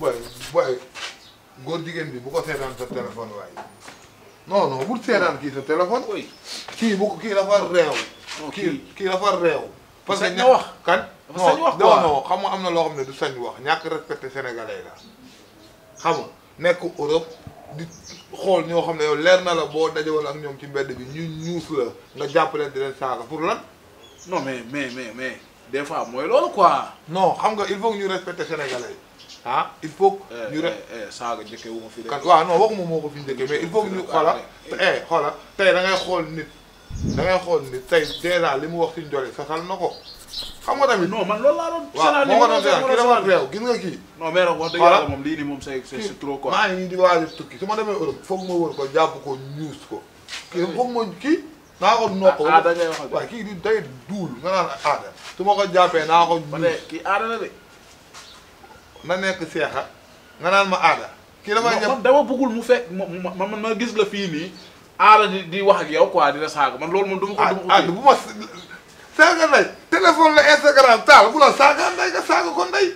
booy booy góor jigéen bi bu ko seetaan sa téléphone waaye non non bu seetaan kii sa téléphone. kii bu kii dafa réew. kii kii dafa réew. parce que wax kan. dafa sañ xam am na loo xam ne du sañ wax ñàkk respecté la xam nekk Europe di xool ñoo xam ne yow leer na la boo dajewal ak ñoom ci mbedd bi ñu ñuus la nga jàppale di leen saaga pour lan. non mais mais mais mais des fois mooy loolu quoi. non xam nga il faut ñu respecté sénégalais. ah il faut que eh, ñu rek eh, eh, saaga njëkkee wu ma fi kan waaw non waxuma moo ko fi njëkkee mais il faut que ñu xoola eh xoola tey da ngay xool nit da ngay xool nit tey dèjà li mu wax si njole sasal na ko xam nga tamit non man loolu laa doon waaw moo ko doon seetaan kii dafa réew gis nga kii non mais wax dëgg yàlla moom lii nii moom c'est c'est trop quoi maa ngi di waaj tukki su ma demee Europe foog ma wër ko jàpp ko ñuus ko kii kii naa ko noo ko ah, ah, waaw kii di day duul nga naan su ma ko jàppee naa ko ñuus kii aada ma nekk seexa nga naan ma aada. kii la may ñëw dama bëggul mu fekk ma ma ma gis la fii nii aada di di wax ak yow quoi di la saaga man loolu moom. du ma ko ah, du ma ko ah, bu ma saaga ndey la Instagram bu la saaga ndey nga ko ndey.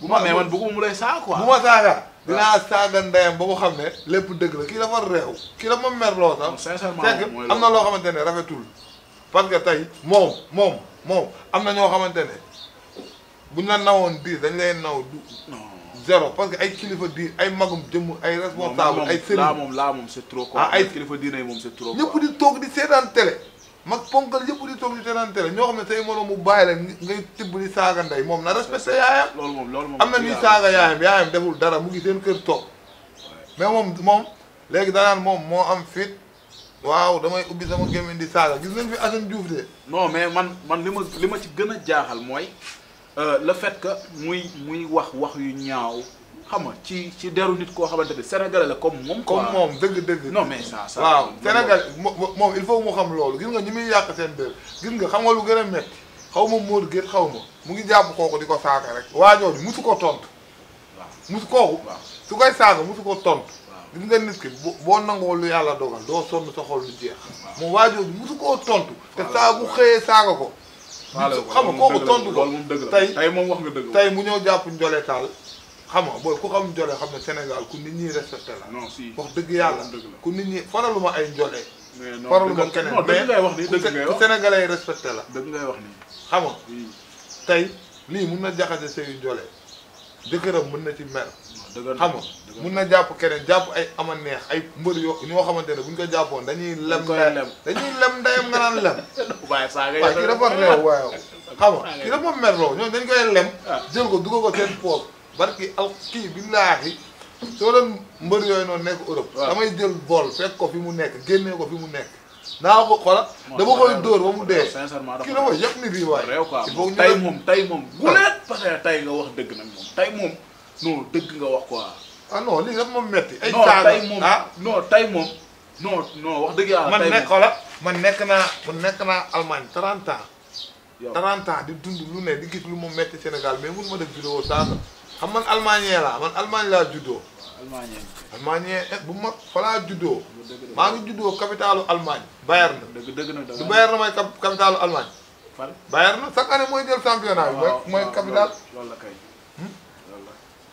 bu ma ah, mais man bëgguma mu lay saaga quoi. ma saaga. dinaa saaga ndeyam ba ko xam ne lépp dëgg la kii dafa réew kii la ma merloo sax sincèrement fekk am na loo xamante ne rafetul parce que tey moom moom moom am na ñoo xamante ne buñ la nawoon dix dañ lay naw du. zéro parce que ay kilifa diir ay magum jëmm ay responsable ay sëriñ laa moom laa moom c'est trop quoi ah, ay kilifa diir moom c'est trop ñëpp di toog di seetaan télé mag ponkal yëpp di toog di seetaan télé ñoo xam ne say moroom mu bàyyi la ngay tibb di saaga ndey moom na respecté yaayam loolu moom loolu moom am na ñuy saaga yaayam yaayam deful dara mu ngi seen kër toog mais moom moom léegi danaan moom moo am fit waaw damay ubbi sama gémmiñ di saaga gis nañ fi Assane Diouf de mais man man li ma li ma ci gën a jaaxal mooy Euh, le fait que muy muy wax wax yu ñaaw xam nga ci ci deru nit koo xamante ne sénégalais la comme moom. comme moom dëgg-dëgg. non mais ça ça waaw sénégal moom il faut mu xam loolu gis nga ñi muy yàq seen dër gis nga xam nga lu gën a métti xaw ma moor Gueye xaw ma mu ngi jàpp kooku di ko saaka rek. waa jooju musu ko tontu. waaw musu kooku. su koy saaka musu ko tontu. gis nga nit ki boo nangoo lu yàlla dogal doo sonn sa xol lu jeex. mu moom waa jooju musu koo tontu. te saa bu xëyee saaga ko. xam nga kooku tontu ko tey tey moom wax nga dëgg tey mu ñëw jàpp njole taal xam nga booy ku xam njole xam ne Sénégal ku nit ñi respecté la wax dëgg yàlla ku nit ñi faraluma ay njole faraluma keneen mais ku Sénégalais yi respecté la dëgg ngay wax ni xam nga tey lii mun na jaxase sëyu njole jëkkëram mën na ci mer xam nga mun na jàpp keneen jàpp ay ama neex ay mbër yoo ñoo xamante ne bu ñu ko jàppoon dañuy lem ndayam dañuy lem ndayam nga naan lem waaw kii dafa réew waaw xam nga kii dafa merloo ñoom dañ koy lem ah. jël ko dugal ko seen poos barki aw kii billaahi soo doon mbër yooyu noonu nekk Europe damay jël bool fekk ko fi mu nekk génnee ko fi mu nekk naa ko xoolal dama koy door ba mu dee kii dafa a ni bii waay réew quoi tey moom tey moom bu leet parce que tey nga wax dëgg nag moom tey moom non dëgg nga wax quoi. ah non lii dafa ma metti ay saaga non tey moom ah. tey moom. non non wax dëgg yàlla. man nekk la man nekk naa man nekk naa Allemagne 30 ans. di dund lu ne di gis lu ma metti Sénégal mais mun ma def vidéo saaga xam man almaañee laa man Allemagne laa juddoo. almaañee eh, bu ma fa laa juddoo. maa ngi juddoo capitalu Allemagne. Bayern na dëgg dëgg na du Bayern na mooy capitalu Allemagne. Bayern na chaque mooy jël championnat bi. mooy capital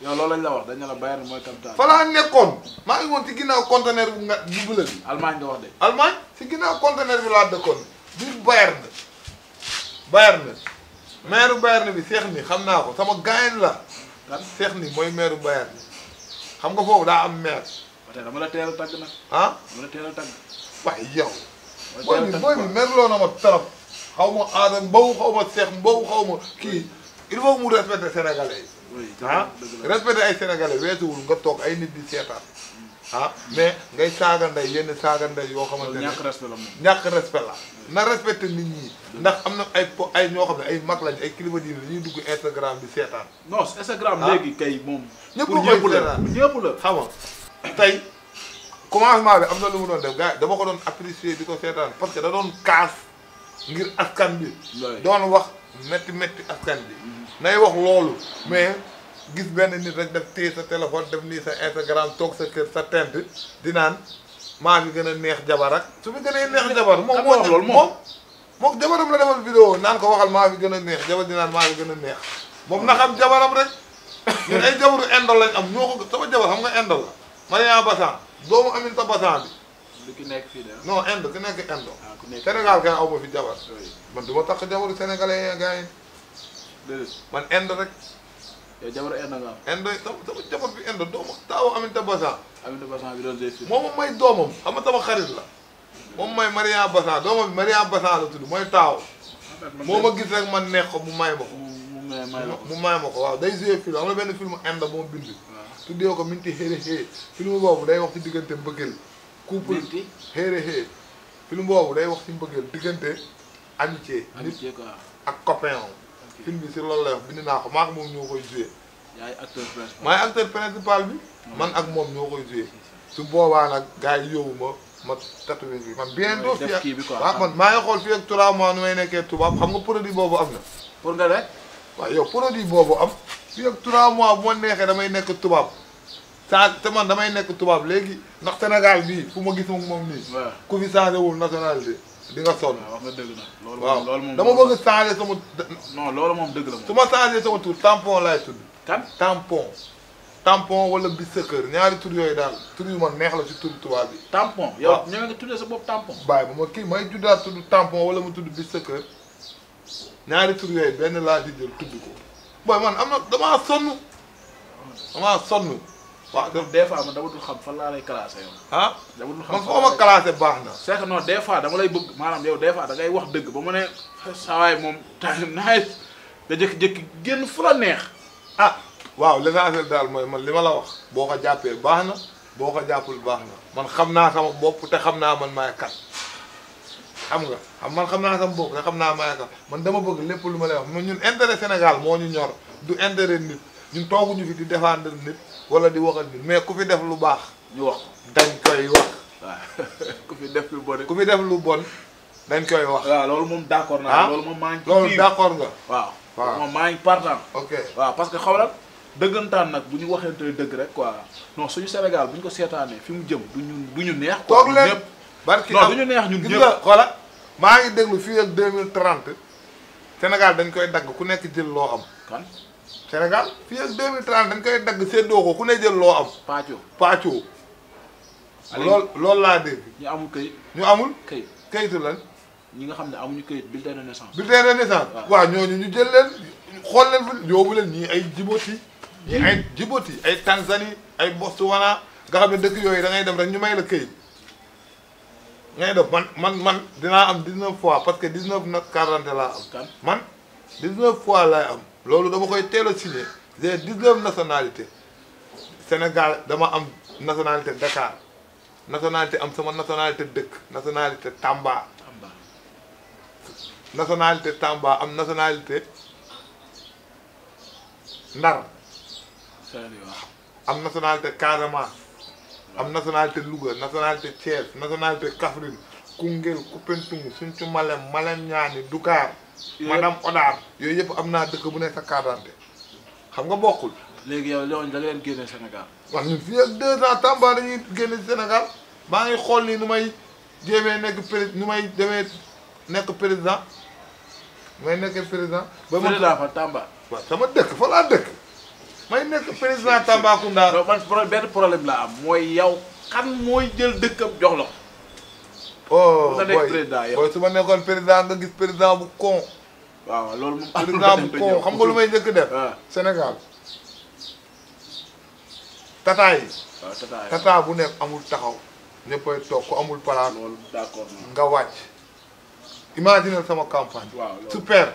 yow loolu lañ la wax dañ ne la Bayern mooy capital. fa laa nekkoon maa ngi woon ci ginnaaw conteneur bu nga bu bële bi. Allemagne nga wax de. Allemagne ci ginnaaw conteneur bi laa dëkkoon biir Bayern Bayern maire Bayern bi seex ni xam naa ko sama gaañ la kan seex ni mooy maire Bayern xam nga foofu daa am maire. ba tey dama la teel a tàgg nag. ah dama la a waaye yow. mooy bi mooy bi na ma trop. xaw ma aadam mbow xaw ma seex mbow xaw ma kii il faut mu respecter sénégalais ah respecté ay sénégalais weesuwul nga toog ay nit di seetaan ah? mais ngay saaga ndey yenn saaga ndey yoo xam ne ñàkk respect la moom na respecté nit ñi ndax am na ay po ay ñoo xam ne ay mag lañ ay kilifa diine dugg Instagram di seetaan non Instagram ah? léegi kay moom ñëpp koy seetaan ñëpp la xam nga tey commencement bi am na lu mu doon def gars dama ko doon apprécier di ko seetaan parce que da doon kaas ngir askan bi doon wax métti métti askan bi mm-hmm. nay wax loolu mais gis benn nit rek def téye sa téléphone def nii sa Instagram toog sa kër sa tent di naan maa fi gën a neex jabar ak su fi gën a neex jabar moom moo wax loolu moom moom jabaram la defal vidéo naan ko waxal maa fi gën a neex jabar di naan maa fi gën a neex moom na xam jabaram rek ñun ay jabaru indol lañ am ñoo ko sama jabar xam nga indol la Maria Bassan doomu Aminta Bassan bi du ki nekk fii de. Ah? non Inde ki nekk Inde. Ah, Sénégal kay aw fi jabar. man du ma jabaru sénégalais déedéet man Inde rek. yow jabaru Inde nga am. Inde sama sama jabar bi Inde doomu taawu Aminata Bassan. Aminata Bassan bi doon def. moom may doomam xam sama xarit la. moom may Maria Bassan doomam bi Maria Bassan la tudd mooy taaw. moo ma gis rek man neex ko mu may ma ko. mu may ma ko mu may ma ko waaw day joué film am na benn film Inde bu ma bind. waaw tuddee ko Minti Xeere Xee. film boobu day wax ci diggante mbëggeel. couple Xeere Xee. film boobu day wax ci mbëggeel diggante amitié. amitié quoi ak copain film bi si loolu lay bind naa ko maa ak moom ñoo koy joué. yaay acteur principal bi. man ak moom ñoo koy joué. su boobaa nag gars yi yóbbu ma ma tatoué bi man. bientôt fii ak waaw man maa ngi xool fii ak 3 mois nu may nekkee tubaab xam nga produit boobu am na. pour nga rek. yow produit boobu am fii ak 3 mois bu ma neexee damay nekk tubaab saa te man damay nekk tubaab léegi ndax Sénégal bii fu ma gis moom nii. ku fi changé wul nationalité. di nga sonn waaw nga dëgg na. loolu moom loolu moom dama bëgg changer sama. non loolu moom dëgg la moom. ma changer sama tur tampon laay tudd. kan tampon. tampon wala bi ñaari tur yooyu daal tur yu ma neex la ci turu tubaab bi. tampon yow ñëwee nga tuddee sa bopp tampon. bàyyi ba ma kii may juddaat tudd tampon wala mu tudd bi sa kër ñaari tur yooyu benn laa ci jël tudd ko booy man am na damaa sonn waaw donc des fois man dama dul xam fan laa lay classé yow. a ah, dama dul baax na. c'est que des fois dama lay bëgg maanaam yow des fois da ngay wax dëgg ba mu ne saa waay moom naaj da jëkk jékki génn fu la neex. ah waaw l'essentiel daal mooy man li ma la wax boo ko jàppee baax na boo ko jàppul baax na man xam naa sama bopp te xam naa man maay kat xam nga xam man xam naa sama boobu te xam naa maay kat man dama bëgg lépp lu ma lay wax ñun intérêt Sénégal moo ñu ñor du intérêt nit ñun tooguñu fi di défendre nit. wala di waxal bi mais ku fi def lu baax. ñu wax dañ koy wax. ku fi def lu bon. ku fi def lu bon dañ koy wax. waaw loolu moom d' accord naa. Ah? loolu moom maa ngi loolu d' accord maa ngi partant. ok waaw parce que xaw la dëggantaan nag bu ñu waxeentee dëgg rek quoi non suñu Sénégal bu ñu ko seetaanee fi mu jëm du ñu du ñu neex. toog leen barki non du ñu neex ñun ñëpp gis nga xoola maa ngi déglu fii ak deux mille trente Sénégal dañ koy dagg ku nekk jël loo am. kan. Sénégal fi ak 2030 dañ koy dagg séddoo ko ku ne jël loo am. pàccoo pàccoo. lool loolu laa dégg. ñu amul këyit. ñu amul këyit këyitu lan. ñi nga xam ne amuñu këyit bulletin de naissance. bulletin de naissance. waaw ñooñu ñu jël leen xool leen fa leen ñii ay Djibouti. ñii ay Djibouti ay Tanzanie ay Botswana nga xam ne dëkk yooyu da ngay dem rek ñu may la këyit. ngay def man man man dinaa am 19 fois parce que 19 na quarante laa am. man 19 fois laay am. loolu dama koy teel si signé j'ai dix-neuf nationalité Sénégal dama am nationalité Dakar nationalité am sama nationalité dëkk nationalité Tamba nationalité Tamba am nationalité Ndar am nationalité Casamance am nationalité Louga nationalité Thiès nationalité Kaffrine Koungheul Koupentoum Sinthiou Malem Malem Niani Dougar maanaam onaar yooyu yëpp am naa dëkk bu nekk sa carte xam nga bokkul. léegi yow loolu da nga leen génne Sénégal. wax ñun fii ak deux ans Tamba dañuy génne Sénégal maa ngi xool ni nu may jéemee nekk pré nu may demee nekk président may nekk président. ba ma président fa Tamba. waaw sama dëkk fa laa dëkk. may nekk président Tambacounda. non man problème laa am mooy yow. xam mooy jël dëkkam jox la ko oh boy é. boy su ma nekkoon président nga gis président bu con. waaw loolu moom président bu con xam nga lu may njëkk def. Sénégal tata yi. waaw ah, tata bu amul taxaw. ñëppay toog ku amul palaat. loolu d'accord nga wàcc. imagine sama campagne. super.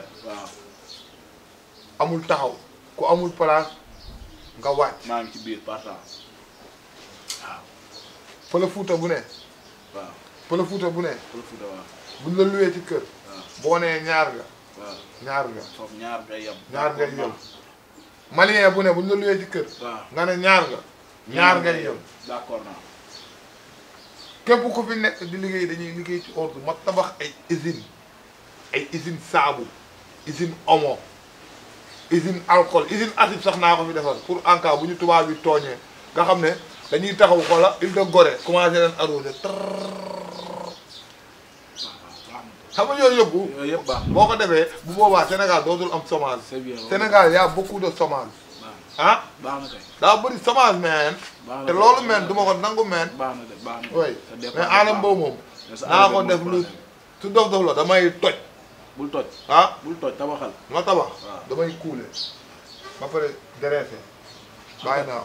amul taxaw ku amul place nga wàcc. maa ngi ci biir partage waaw. fële Fuuta bu ne. waaw. Pël Fuuta bu ne. Pël Fuuta waaw. buñ la luwee ci kër. boo nee ñaar nga. ñaar nga. foofu ñaar ngay yem. ñaar ngay yem. malien bu ne buñ la luwee ci kër. nga ne ñaar nga. ñaar ngay yem. d'accord naa. képp ku fi nekk di liggéey dañuy liggéey ci ordre ma tabax ay usine ay usine saabu usine omo usine alcool usine asib sax naa ko fi defar pour en bu ñu tubaab yi tooñee nga xam ne dañuy taxaw xoola il de Gorée commencé leen arrosé trrr xam nga yooyu yóbbu. boo ko defee bu boobaa Sénégal dootul am chômage. Sénégal y' a beaucoup de chômage. Ah? daa bëri chômage meen. te loolu meen du ko nangu meen. baax na de baax moom. naa ko def lu su dof dof la damay toj. bul toj ah? ma tabax damay kuule. ba pare déréfé. bàyyi naa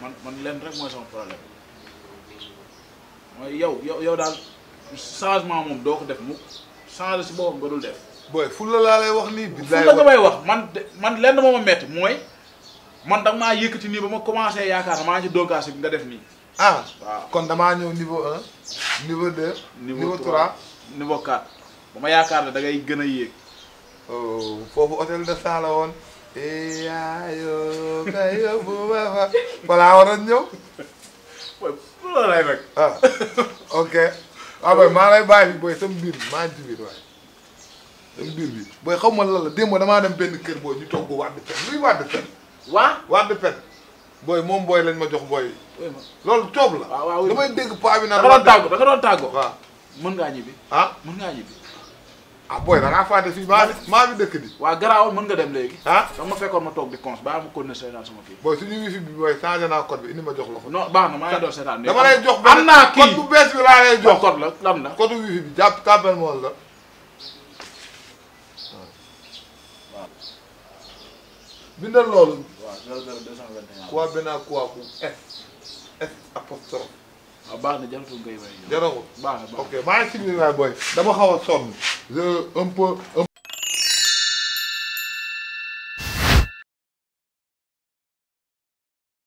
man man rek mooy sama problème mooy changement moom doo ko def mu changé si boppam ba dul def. booy ful laa lay wax nii. bi lay wax ful la nga wax man man lenn moo ma mooy man da maa yëkkati nii ba ma commencé yaakaar maa ci donkaasi bi def nii. Ah, kon damaa ñëw niveau un ma yaakaar ne da gën a yéeg. Oh, la woon. Eh, ñëw. lay rek. ah waaw ah, booy maa lay bàyyi fi booy sama biir bi maa ngi ci biir waaye bi booy xaw ma lan la démb damaa dem benn kër booy ñu togg waat de pen luy waat de pen waa waat de pen booy moom booy lañ ma jox booy loolu coob la damay dégg paa bi naa da nga doon tàggu da nga doon tàggu waaw ngaa ñibbi ah mën ngaa ñibbi ah booy da ngaa fàtte fii maa maa dëkk di waaw garaawul nga dem léegi ah da ma fekkoon ma toog di cons ba ma continuer seetaan sama kii booy suñu wifi bi booy changé naa code bi indi ma jox la ko non baax na naa kii bi laa lay jox code la lam la code Ah, baax na jaratul ngay way. jarawul baax na baax ok maa ngi signalé waay booy dama xaw a sonn je un peu.